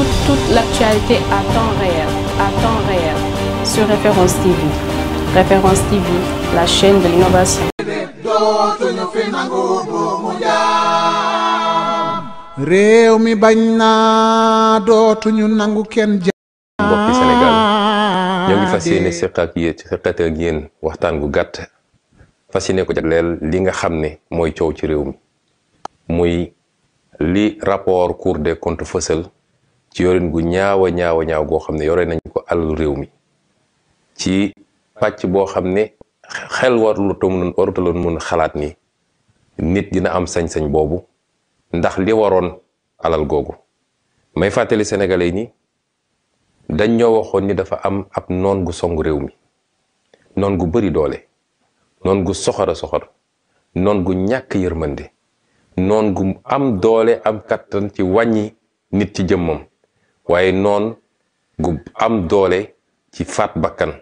toute, toute l'actualité à temps réel, à temps réel, sur Référence TV. Référence TV, la chaîne de l'innovation. réew mi bañ naa dootuñu nangu kenn jaam mbokki Sénégal ñoo ngi fas yéene seq ak yéen seqate ak yéen waxtaan gu gàtt fas yéene ko jagleel li nga xam ne mooy coow ci réew mi muy li rapport Cour des comptes fësal ci yoreen gu ñaawa ñaawa ñaaw go xamne yoree yore nañ ko alalu rew mi ci pàcc boo xam ne xel warlu ta mun lu mun xalaat ni nit dina am sañ-sañ bobu ndax li waron alal gogu may fàttali sénégalais ni dañ ñoo waxoon ni dafa am ab non gu songu rew mi non gu bari doole non gu soxora soxor non gu ñàkk yërmande non gu am doole am kattan ci wàññi nit ci jëmmam waaye noon gu am doole ci faat bakkan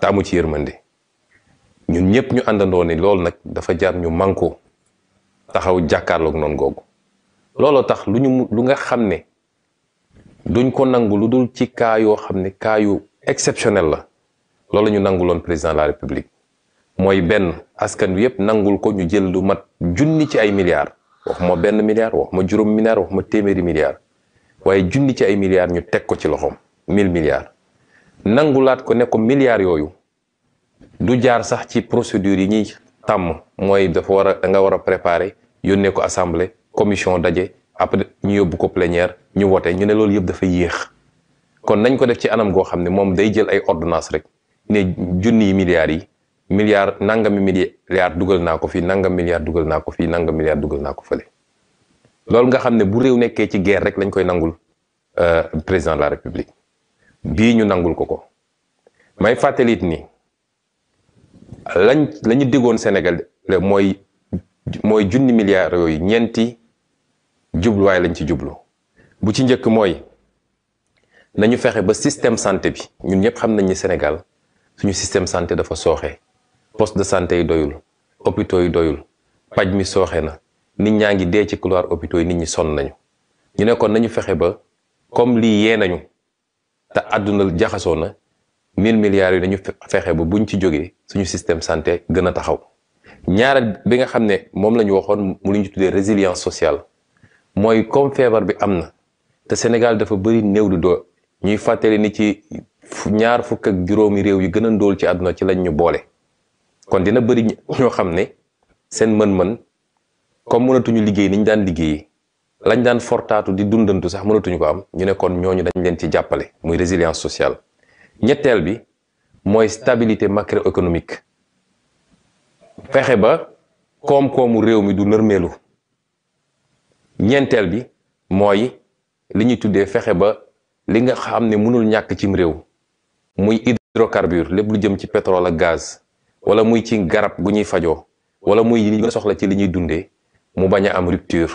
taamu amu ci yërmande ñun ñëpp ñu àndandoo ne loolu nag dafa jaar ñu mànkoo taxaw jàkkaarlook noonu googu looloo tax lu ñu lu nga xam ne duñ ko nangu lu dul ci cas yoo xam ne cas yu exceptionnel la loolu nangu loon président de la république mooy benn askan wi yëpp nangul ko ñu jël lu mat junni ci ay milliards wax benn milliard wax ma juróom milliard wax ma téeméeri milliards waaye junni ci ay milliards ñu teg ko ci loxoom mill milliards nangulaat ko ne ko milliards yooyu du jaar sax ci procédure yi ñuy tàmm mooy dafa war a da war a préparer yónnee ko assemblée commission daje après ñu yóbbu ko plénière ñu wote ñu ne loolu yëpp dafa yéex kon nañ ko def ci anam goo xam ne moom day jël ay ordonnance rek ne junni yi milliards yi milliards nangami milliards dugal naa ko fi nangam milliards dugal naa ko fii nangam milliards dugal naa ko fële loolu nga xam ne bu réew nekkee ci guerre rek lañ koy nangul euh, président de la république bii ñu nangul ko ko may fàttalit ni lañ lañu ñu diggoon Sénégal mooy mooy junni milliards yooyu ñeenti jubluwaay lañ ci jublu bu ci njëkk mooy nañu fexe ba système santé bi ñun ñëpp xam nañ ni Sénégal suñu système santé dafa sooxe poste de santé yi doyul hôpitaux yi doyul paj mi sooxe na nit ñaa ngi dee ci couloir hôpitaux yi nit ñi sonn nañu ñu ne kon nañu fexe ba comme lii yee nañu te àdduna jaxasoo na mille milliards yi nañu fexe ba buñ ci jógee suñu système santé gën a taxaw ñaar bi nga xam ne moom la ñu waxoon mu lu ñu tuddee résilience sociale mooy comme feebar bi am na te Sénégal dafa bëri néew lu doo ñuy fàttali ni ci ñaar fukk ak juróomi réew yi gën a ndóol ci àdduna ci lañ ñu boole kon dina bëri ñoo xam ne seen mën-mën comme mënatuñu liggéey niñ daan liggéey lañ daan fortaatu di dundantu sax mënatuñu ko am ñu ne kon ñooñu dañ leen ci jàppale muy résilience sociale ñetteel bi mooy stabilité économique fexe ba koom-koomu réew mi du nërmeelu ñeenteel bi mooy li ñuy tuddee fexe ba li nga xam ne mënul ñàkk cim réew muy hydrocarbure lépp lu jëm ci pétrole ak gaz wala muy ci garab gu ñuy fajoo wala muy yi ñu soxla ci li ñuy dundee mu bañ a am rupture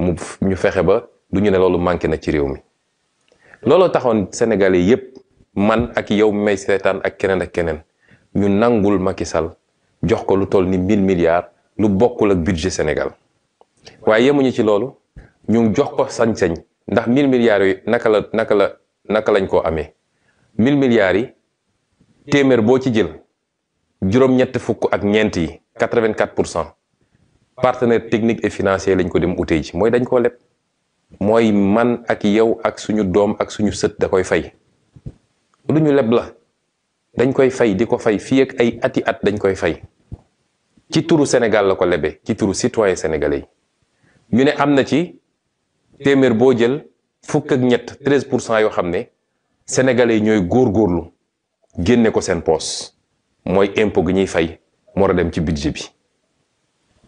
mu ñu fexe ba du ñu ne loolu manqué na ci réew mi looloo taxoon Sénégalais yépp man ak yow may seetaan ak keneen ak keneen ñu nangul Macky Sall jox ko lu toll ni mille milliards lu bokkul ak budget Sénégal waaye yemuñu ci loolu ñu jox ko sañ-sañ ndax mille milliards yooyu naka la naka la naka lañ koo amee mille milliards yi téeméer boo ci jël juróom-ñett fukk ak ñeent yi quatre-vingt-quatre pour cent partenaire technique et financier lañ ko dem utee ji mooy dañ ko leb mooy man ak yow ak suñu doom ak suñu sët da koy fay lu ñu leb la dañ koy fay di ko fay fii ak ay ati at dañ koy fay ci turu Sénégal la ko lebe ci turu citoyen sénégalais yi ñu ne am na ci téeméer boo jël fukk ak ñett treize pour cent yoo xam ne sénégalais yi ñooy góorlu génne ko seen poos mooy impôt gi ñuy fay moo a dem ci budget bi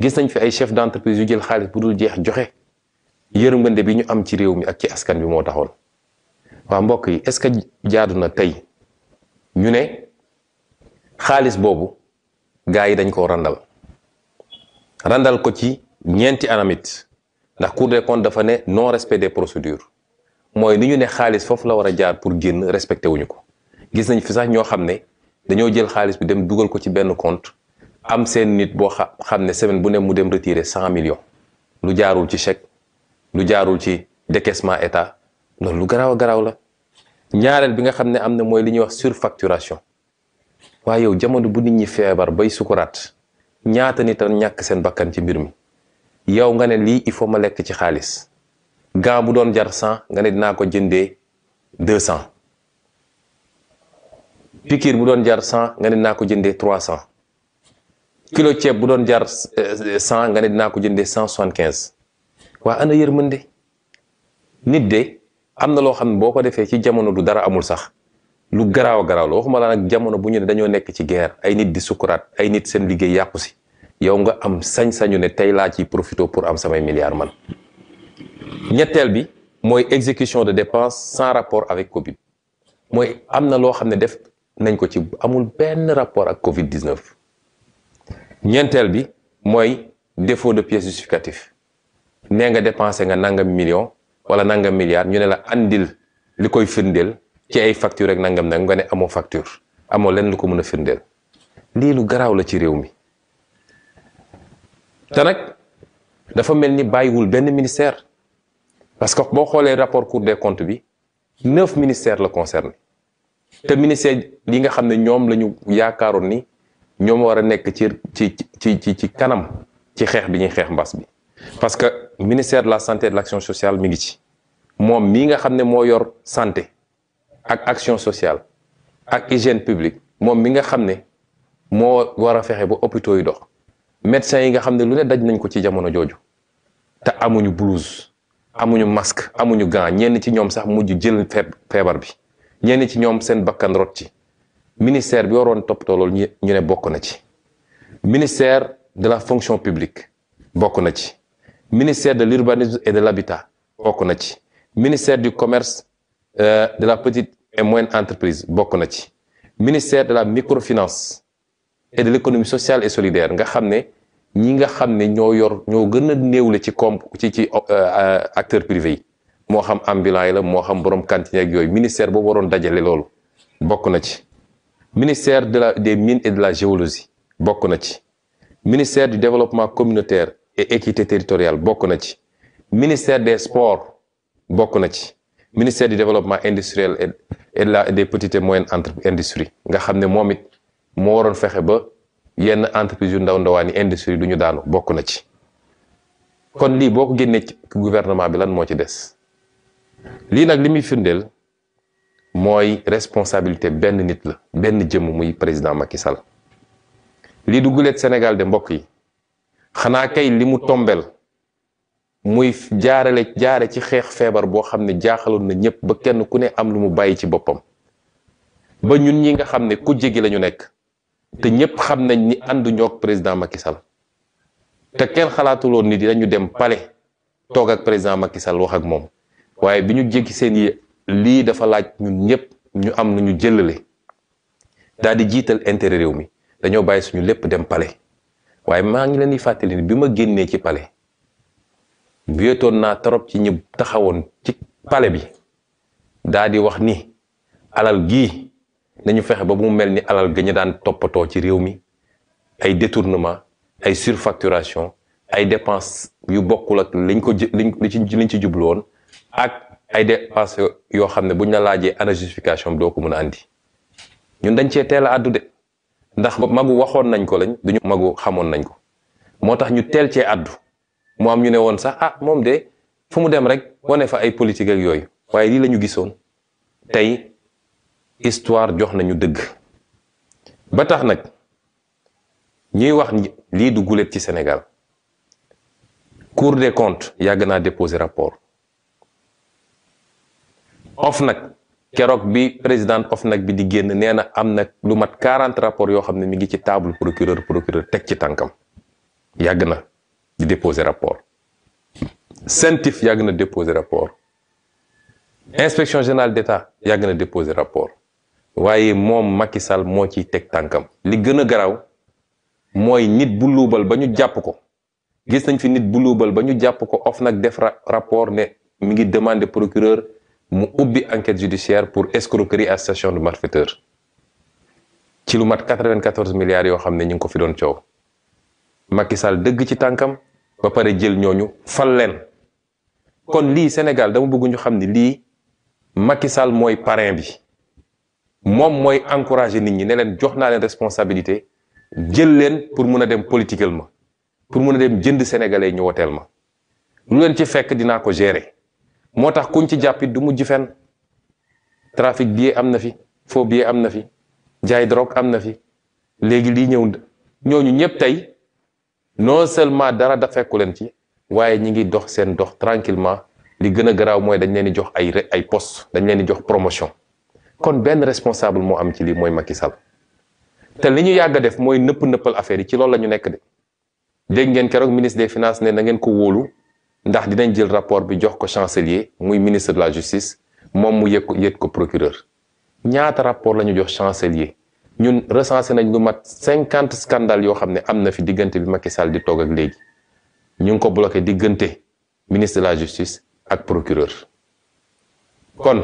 gis nañ fi ay chef d'entreprise yu jël xaalis bu dul jeex joxe yërmande bi ñu am ci réew mi ak ci askan bi moo taxoon waa mbokk yi est-ce que jaadu na tey ñu ne xaalis boobu gaa yi dañ koo randal randal ko ci ñeenti anamit ndax Cour des comptes dafa ne non respect des procédures mooy ni ñu ne xaalis foofu la war a jaar pour génn respecté wuñu ko gis nañ fi sax ñoo xam ne dañoo jël xaalis bi dem dugal ko ci benn compte am sen nit bo xamne semaine bu ne mu dem retirer 100 millions lu jaarul ci chèque lu jaarul ci décaissement état loolu lu graw graw la ñaarel bi nga xamne amna moy li ñuy wax surfacturation wa yow jamono bu nit ñi fièvre bay sukurat ñaata nit tan ñak sen bakkan ci mbir mi yow nga ne li il faut ma lek ci xaalis ga bu doon jar 100 nga ne dina ko jëndé 200 pikir bu doon jar 100 nga ne dinaa ko jëndé 300 kilo ceeb bu doon jar eh, cent nga ne dinaa ko jëndee cent soixante quinze waa ana de nit de am na loo xam ne boo ko defee ci jamono du dara amul sax lu garaaw garaaw la waxuma laa nag jamono bu ñu ne dañoo nekk ci guerre ay nit di sukuraat ay nit seen liggéey yàqu si yow nga am sañ-sañu ne tey laa ci profité pour am samay milliards man ñetteel bi mooy exécution de dépenses sans rapport avec Covid mooy am na loo xam ne def nañ ko ci amul benn rapport ak Covid 19. ñeenteel bi mooy défaut de pièce justificative nee nga dépensé nga nangam million wala nangam milliard ñu ne la andil li koy firndeel ci ay facture rek nangam nag nga ne amoo facture amoo lenn lu ko mën a firndeel lii lu garaaw la ci réew mi te nag dafa mel ni bàyyiwul benn ministère parce que boo xoolee rapport Cour des comptes bi neuf ministère la concerné te ministère li nga xam ne ñoom la ñu yaakaaroon ni ñoom war a nekk ci ci ci ci ci kanam ci xeex bi ñuy xeex mbas bi parce que ministère de la santé de l'action sociale mi ngi ci moom mii nga xam ne moo yor santé ak action sociale ak hygiène publique moom mi nga xam ne moo war a fexe ba hôpitaux yi dox médecins yi nga xam ne lu ne daj nañ ko ci jamono jooju te amuñu blouse amuñu masque amuñu gant ñenn ci ñoom sax mujj jël feebar bi ñenn ci ñoom seen bakkan rot ci ministère bi waroon toppatoo loolu ñu ñu ne bokk na ci ministère de la fonction publique bokk na ci ministère de l'urbanisme et de l'habitat bokk na ci ministère du commerce euh, de la petite et entreprise bokk na ci ministère de la microfinance et de l'économie sociale et solidaire nga xam ne ñi nga xam ne ñoo yor ñoo gën a néewle ci comp ci ci euh, euh, acteur privé yi moo xam ambulant yi la moo xam borom cantine ak yooyu ministère boobu waroon dajale loolu bokk na ci ministère de la des mines et de la géologie bokk na ci ministère du développement communautaire et équité territoriale bokk na ci ministère des sports bokk na ci ministère du développement industriel et de la des petites et moyennes entreprises industrie nga xam ne moom it moo waroon fexe ba yenn entreprise yu ndaw ndawaan yi industrie lu ñu daanu bokk na ci kon lii boo ko génnee ci gouvernement bi lan moo ci des lii nag li muy firndeel mooy responsabilité benn nit la benn jëmm muy président Macky lii du guleet Sénégal de mbokk yi xanaa kay li mu tombel muy jaarale jaare ci xeex feebar boo xam ne jaaxaloon na ñëpp ba kenn ku ne am lu mu bàyyi ci boppam ba ñun ñi nga xam ne ku jégi lañu nekk te ñëpp xam nañ ni àndu ñoog président Macky te kenn xalaatuloon ni dinañu dem palais toog ak président Macky wax ak moom waaye bi ñu jéggi seen yi lii dafa laaj ñun ñëpp ñu am nu ñu jëlale daal di jiital intére réew mi dañoo bàyyi suñu lépp dem pale waaye maa ngi leen di fàttali ni bi ma génnee ci palais wéetoon naa trop ci ñi taxawoon ci pale bi daa wax ni alal gii nañu fexe ba mu mel ni alal gañu daan toppatoo ci réew mi ay détournement ay surfacturation ay dépenses yu bokkul ak liñ ko liñ ci liñ ci jublu woon ay dépenses yoo xam ne buñ na laajee ana justification bi doo ko mën a andi ñun dañ cee teel a addu de ndax magu waxoon nañ ko lañ duñu magu xamoon nañ ko moo tax ñu teel cee addu mu am ñu ne woon sax ah moom de fu mu dem rek wane fa ay politique ak yooyu waaye lii lañu gisoon tey histoire jox nañu dëgg ba tax nag ñuy wax lii du guléet ci senegal Cour des comptes yàgg naa déposer rapport nag keroog bi président nag bi di génn nee na am na lu mat 40 rapport yoo xam ne mi ngi ci table procureur procureur teg ci tànkam yàgg na di déposer rapport CENTIF yàgg na déposer rapport inspection générale d'État yàgg na déposer rapport waaye moom makki Sall moo ciy teg tànkam li gën a garaaw mooy nit bu luubal ba ñu jàpp ko gis nañ fi nit bu luubal ba ñu jàpp ko nag def rapport ne mu ngi demander procureur mu enquête judiciaire pour escroquerie à station de malfaiteur ci lu mat 94 milliards yo xamné ne ñu ko fi doon ciow. Macky Sall dëgg ci tankam ba paré jël ñoñu fal leen kon li Sénégal dama bëgg ñu xam li lii Macky Sall mooy parrain bi Mom moy encourager nit ñi ne leen jox na leen responsabilité jël leen pour mëna a dem pour mëna a dem jënd sénégalais ñu wotel ma lu leen ci fekk dina ko gérer. moo tax kuñ ci jàppit du mujj fenn trafic bi am na fi faux bi am na fi jaay drogue am na fi léegi lii ñëw ñooñu ñëpp tey non seulement dara da fekku leen ci waaye ñi ngi dox seen dox tranquillement li gën a garaaw mooy dañ leen di jox ay ay poste dañ leen di jox promotion kon benn responsable moo am ci lii mooy Macky sal te li ñu yàgg def mooy nëpp nëppal affaire yi ci loolu la ñu nekk de dégg ngeen keroog ministre des finances ne na ngeen ko wóolu ndax dinañ jël rapport bi jox ko chancelier muy ministre la justice moom mu yëg ko ko procureur ñaata rapport la ñu jox chancelier ñun recensé nañ lu mat cinquante scandale yoo xam ne am na fi diggante bi Macky Sall di toog ak léegi ñu ngi ko bloqué diggante ministre la justice ak procureur kon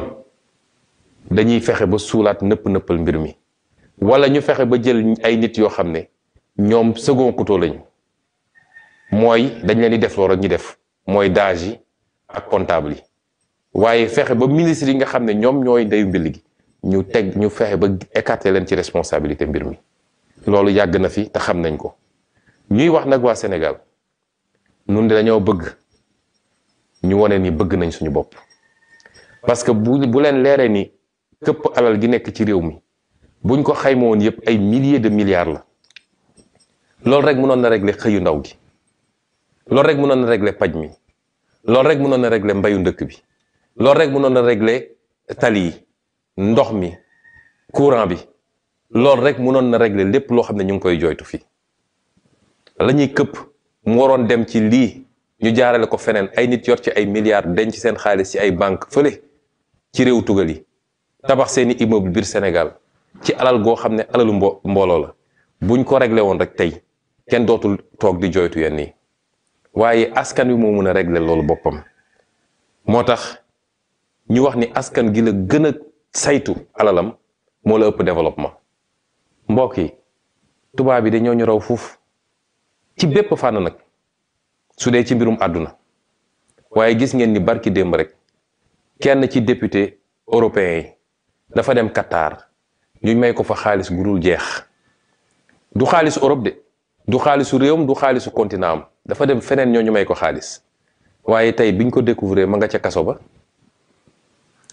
dañuy fexe ba suulaat nëpp nëppal mbir mi wala ñu fexe ba jël ay nit yoo xam ne ñoom second couteau lañu mooy dañ leen di def loolu ñu def. mooy daaj yi ak comptable yi waaye fexe ba ministre yi nga xam ne ñoom ñooy ndeyu mbill gi ñu teg ñu fexe ba écarter leen ci responsabilité mbir mi loolu yàgg na fi te xam nañ ko ñuy wax nag waa Sénégal nun de dañoo bëgg ñu wone ni bëgg nañ suñu bopp parce que bu bu leen leeree ni këpp alal gi nekk ci réew mi buñ ko xayma woon yëpp ay milliers de milliards la loolu rek mënoon na régler xëyu ndaw gi loolu rek mënoon na régler paj mi loolu rek mënoon na régler mbayu ndëkk bi loolu rek mënoon na régler tali yi ndox mi courant bi loolu rek mënoon na regle lépp loo xam ne ñu ngi koy jooytu fii lañuy këpp mu waroon dem ci lii ñu jaarale ko feneen ay nit yor ci ay milliards ci seen xaalis ci ay banque fële ci réew tugal yi tabax seeni immeuble biir Sénégal ci alal goo xam ne alalu mbo mbooloo la buñ ko réglé woon rek tey kenn dootul toog di jooytu yenn yi waaye askan wi moo mën a régler loolu boppam moo tax ñu wax ni askan gi la gën a saytu alalam moo la ëpp développement mbokk yi tubaab yi dañoo ñu raw fuuf ci bépp fànn nag su dee ci mbirum àdduna waaye gis ngeen ni barki démb rek kenn ci député européen yi dafa dem Qatar ñu may ko fa xaalis gu dul jeex du xaalis Europe de du xaalisu réew réewam du xaalisu continent am dafa dem feneen ñoo ñu may ko xaalis waaye tey biñ ko découvrir ma nga ca kaso ba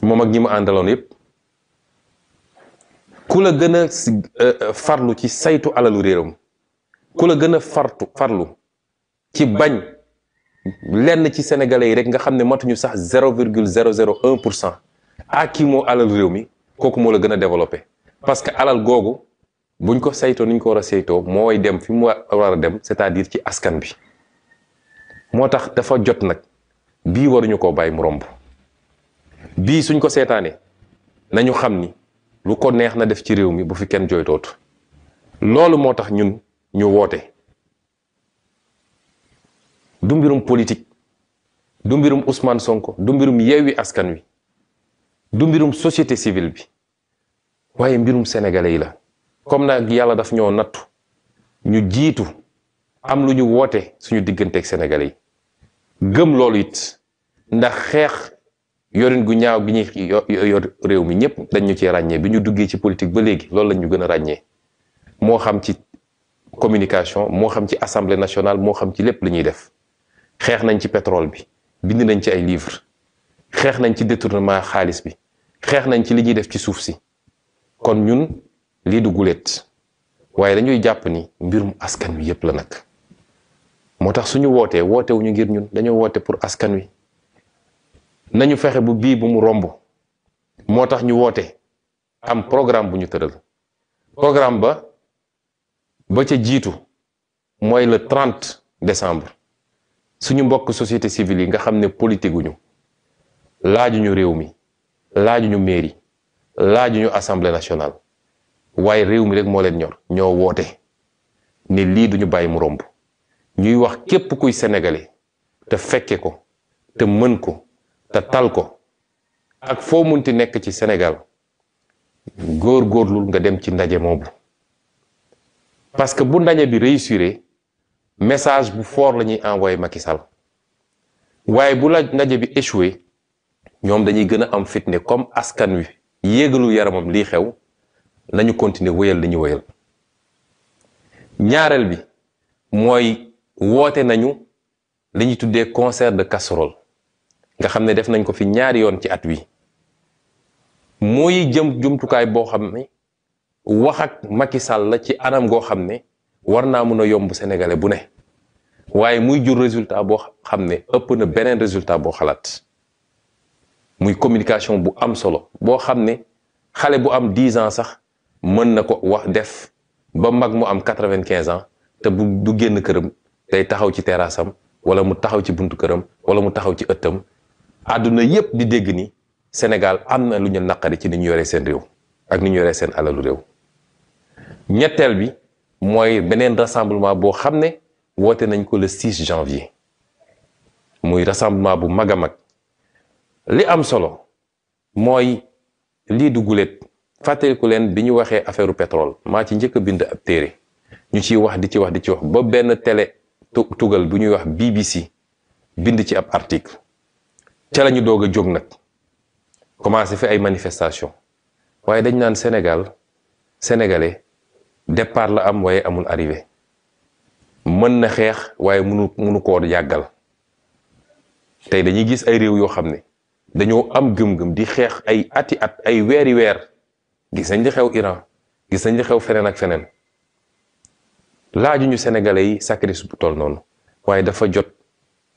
moom ak ñi mu àndaloon yépp ku la gën a euh, euh, farlu ci saytu alalu réewam ku la gën a fartu farlu ci bañ lenn ci sénégalais yi rek nga xam ne matuñu sax zéro virgule zéro zéro pour cent ak kii moo alal réew mi kooku moo la gën a développé parce que alal googu buñ ko saytoo ni ñu ko war a seytoo moo way dem fi mu war a dem cest à ci askan bi moo tax dafa jot nag bii waruñu koo bàyyi mu romb bii suñ ko seetaanee nañu xam ni lu ko neex na def ci réew mi bu fi kenn jooytootu loolu moo tax ñun ñu woote du mbirum politique du mbirum Ousmane Sonko du mbirum Yewwi Askan Wi du mbirum société civile bi waaye mbirum sénégalais yi la comme nag yàlla daf ñoo nattu ñu jiitu am lu ñu woote suñu digganteeg Sénégalais yi gëm loolu it ndax xeex yorin gu ñaaw gi ñuy yor réew mi ñëpp dañ ñu cee ràññee bi ñu duggee ci politique ba léegi loolu lañu ñu gën a ràññee moo xam ci communication moo xam ci assemblée nationale moo xam ci lépp li ñuy def xeex nañ ci pétrole bi bind nañ ci ay livres xeex nañ ci détournement xaalis bi xeex nañ ci li ñuy def ci suuf si kon ñun lii du guléet waaye dañuy jàpp ni mbirum askan wi yépp la nag moo tax suñu wootee wootewuñu ngir ñun dañoo woote pour askan wi nañu fexe bu bii bu mu romb moo tax ñu woote am programme bu ñu tëral programme ba ba ca jiitu mooy le trente décembre suñu mbokk société civile yi nga xam ne politique guñu laajuñu réew mi laajuñu mairie laajuñu assemblée nationale waaye réew mi rek moo leen ñor ñoo woote ne lii duñu bàyyi mu romb ñuy wax képp kuy senegale te fekke ko te mën ko te tal ko ak foo munti nekk ci senegal góor góorlul nga dem ci ndaje moomu parce que bu ndaje bi réussiré message bu foor la ñuy envoyé Macky Sall waaye bu la ndaje bi échoué ñoom dañuy gën a am fitne comme askan wi yéegalu yaramam lii xew nañu continuer wéyal li ñu wéyal ñaareel bi mooy woote nañu li ñuy tuddee concert de casserole nga xam ne def nañ ko fi ñaari yoon ci at wi mooy jëm jumtukaay boo xam ne wax ak Sall la ci anam goo xam ne war naa mun a yomb sénégalais bu ne waaye muy jur résultat boo xam ne ëpp na beneen résultat boo xalaat muy communication bu am solo boo xam ne xale bu am 10 ans sax mën na ko wax def ba mag mu am 95 ans te bu du génn këram day taxaw ci terrassam wala mu taxaw ci buntu këram wala mu taxaw ci ëttam àdduna yépp di dégg ni Sénégal am na lu ñu naqari ci ni ñu yoree seen réew ak ni ñu yoree seen alalu réew ñetteel bi mooy beneen rassemblement boo xam ne woote nañ ko le 6 janvier muy rassemblement bu mag a mag li am solo mooy lii du guléet fàttaliku leen bi ñu waxee affaire pétrole maa ci njëkk a bind ab téere ñu ciy wax di ci wax di ci wax ba benn télé tugal bu ñuy wax BBC bind ci ab article ca la ñu doog a jóg nag commencé fi ay manifestation waaye dañ naan Sénégal sénégalais depart la am waaye amul arrivé mën na xeex waaye munu munu ko yàggal tey dañuy gis ay réew yoo xam ne dañoo am gëm-gëm di xeex ay ati at ay weeri weer gis nañ li xew Iran gis nañ li xew feneen ak feneen laaju ñu sénégalais yi sacrifice bu toll noonu waaye dafa jot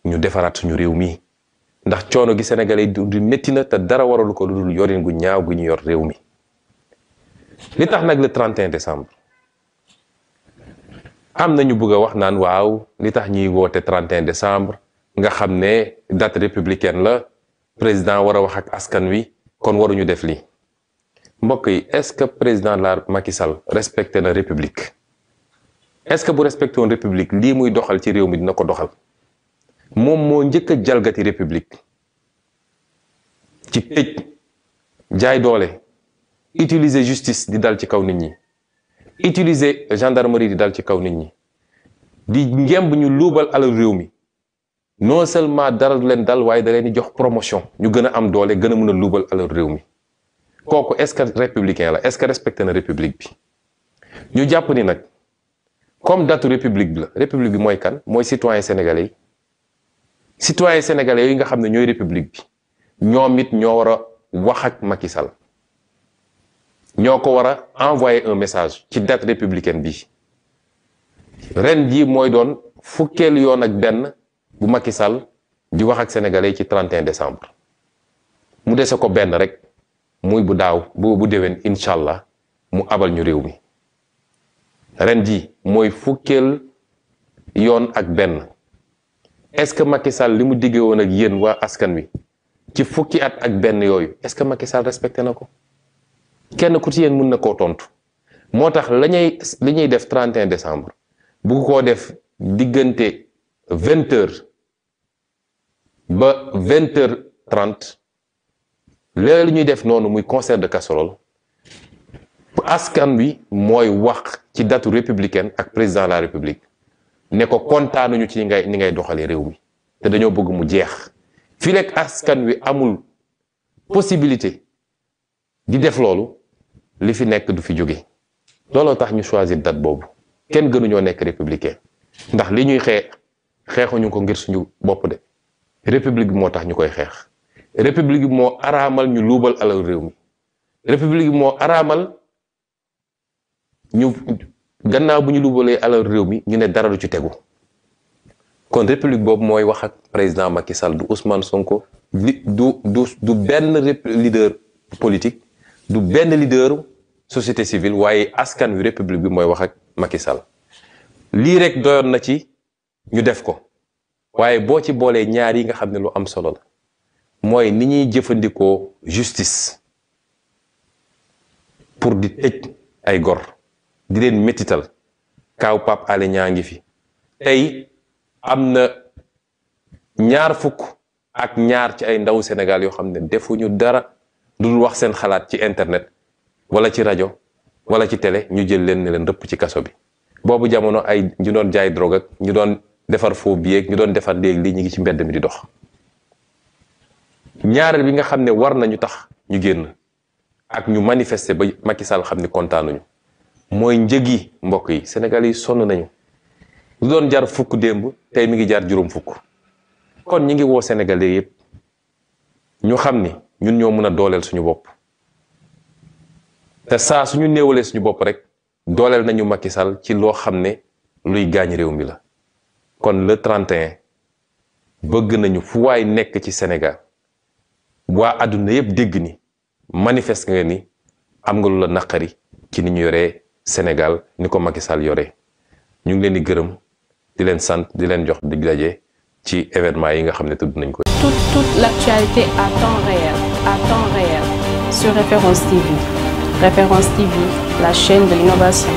ñu defaraat suñu réew mi ndax coono gi sénégalais yi du métti na te dara waralu ko lu dul yorin gu ñaaw gu ñu yor réew mi li tax nag le 31 décembre am na ñu bëgg a wax naan waaw li tax ñuy woote 31 décembre nga xam ne date républicaine la président war a wax ak askan wi kon waruñu def lii. mbokk yi est-ce que président de la Macky Sall respecte la république est-ce que bu respecté woon république lii muy doxal ci réew mi dina ko doxal moom moo njëkk a jalgati république ci tëj jaay doole utiliser justice di dal ci kaw nit ñi utiliser gendarmerie di dal ci kaw nit ñi di ngemb ñu luubal alal réew mi non seulement dara leen dal waye da leen di jox promotion ñu gëna am doole gëna mëna loubal a luubal réew mi kooku est-ce que républicain la est-ce que respecte la république bi ñu japp ni nak comme date république bi la république bi moy kan moy citoyen sénégalais citoyen sénégalais yi nga xamné ñoy république bi ñoom it ñoo wara wax ak Macky Sall envoyer un message ci date républicaine bi ren jii moy don fukel yon ak ben bu Macky Sall di wax ak sénégalais ci 31 décembre mu déssé ko ben rek. muy bu daaw bu bu déwén incha allah mu abal ñu réew mi ren ji mooy fukkeel yoon ak benn est-ce que Macky Sall li mu diggee woon ak yéen waa askan wi ci fukki at ak benn yooyu est-ce que Macky Sall respecté na ko kenn ku ci yéen mun na koo tontu moo tax la ñuy li ñuy def 31 décembre bu koo def diggante vingt ba vingt heures léeg lu ñuy def noonu muy concert de casserole askan wi mooy wax ci datu républicaine ak président la république ne ko kontaanuñu ci ni ngay ni ngay doxalee réew mi te dañoo bëgg mu jeex fii rek askan wi amul possibilité di def loolu li fi nekk du fi jóge looloo tax ñu choisir dat boobu kenn gënuñoo nekk républicain ndax li ñuy xeex xeexuñu ko ngir suñu bopp de république bi moo tax ñu koy xeex république bi moo araamal ñu luubal alal réew mi république bi moo araamal ñu gannaaw bu ñu luubalee alal réew mi ñu ne dara lu ci tegu kon république boobu mooy wax ak président Macky Sall du Ousmane Sonko du du benn leader politique du benn leader société civile waaye askan wi république bi mooy wax ak Macky Sall lii rek doyoon na ci ñu def ko waaye boo ci boolee ñaar yi nga xam ne lu am solo la. mooy ni ñuy jëfandikoo justice pour di tëj ay gor di leen métital kaw Pape ale ñaa ngi fi tey am na ñaar fukk ak ñaar ci ay ndawu senegal yoo xam ne defuñu dara dul wax seen xalaat ci internet wala ci rajo walla ci tele ñu jël leen ne leen rëpp ci kaso bi boobu jamono ay ñu doon jaay drogue ak ñu doon defar faux billet ak ñu doon defar léegi lii ñu ngi ci mbedd mi di dox ñaareel bi nga xam ne war nañu tax ñu génn ak ñu manifester ba Macky Sall xam ne kontaanuñu mooy njëg yi mbokk yi Sénégal yi sonn nañu lu doon jar fukk démb tey mu ngi jaar juróom fukk kon ñu ngi woo Sénégalais yëpp ñu xam ni ñun ñoo mën a dooleel suñu bopp te saa suñu néewalee suñu bopp rek dooleel nañu Macky Sall ci loo xam ne luy gaañ réew mi la kon le 31 bëgg nañu fu waay nekk ci senegal wa aduna yëpp deg ni manifeste nga ni am nga lu la naqari ci ni ñu yoré Sénégal ni ko Macky Sall ñu ngi leen di gërëm di leen sante di leen jox di ci événement yi nga xamné ne nañ ko. toute toute l'actualité à temps réel à temps réel sur Référence TV Référence TV la chaîne de l'innovation.